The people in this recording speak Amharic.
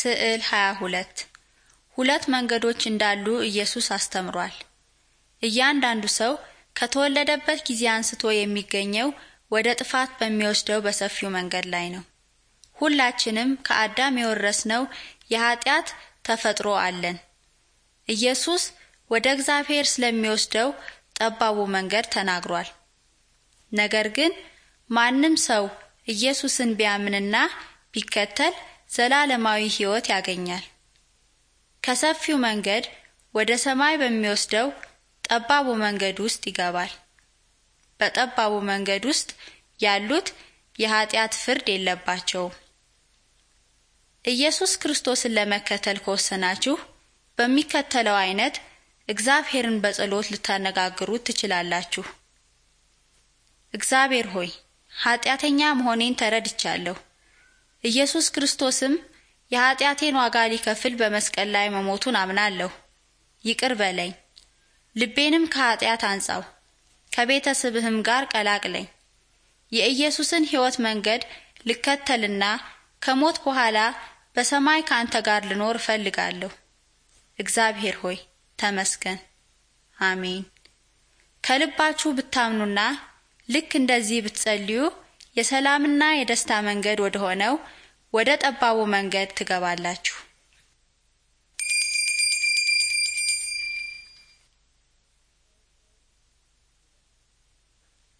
ስዕል 22 ሁለት መንገዶች እንዳሉ ኢየሱስ አስተምሯል። እያንዳንዱ ሰው ከተወለደበት ጊዜ አንስቶ የሚገኘው ወደ ጥፋት በሚወስደው በሰፊው መንገድ ላይ ነው። ሁላችንም ከአዳም የወረስነው የኃጢአት ተፈጥሮ አለን። ኢየሱስ ወደ እግዚአብሔር ስለሚወስደው ጠባቡ መንገድ ተናግሯል። ነገር ግን ማንም ሰው ኢየሱስን ቢያምንና ቢከተል ዘላለማዊ ሕይወት ያገኛል። ከሰፊው መንገድ ወደ ሰማይ በሚወስደው ጠባቡ መንገድ ውስጥ ይገባል። በጠባቡ መንገድ ውስጥ ያሉት የኃጢአት ፍርድ የለባቸውም። ኢየሱስ ክርስቶስን ለመከተል ከወሰናችሁ በሚከተለው አይነት እግዚአብሔርን በጸሎት ልታነጋግሩ ትችላላችሁ። እግዚአብሔር ሆይ ኀጢአተኛ መሆኔን ተረድቻለሁ። ኢየሱስ ክርስቶስም የኃጢአቴን ዋጋ ሊከፍል በመስቀል ላይ መሞቱን አምናለሁ፣ ይቅር በለኝ፣ ልቤንም ከኃጢአት አንጻው፣ ከቤተሰብህም ጋር ቀላቅለኝ፣ የኢየሱስን ሕይወት መንገድ ልከተልና ከሞት በኋላ በሰማይ ከአንተ ጋር ልኖር እፈልጋለሁ። እግዚአብሔር ሆይ ተመስገን። አሜን። ከልባችሁ ብታምኑና ልክ እንደዚህ ብትጸልዩ የሰላምና የደስታ መንገድ ወደሆነው ወደ ጠባቡ መንገድ ትገባላችሁ።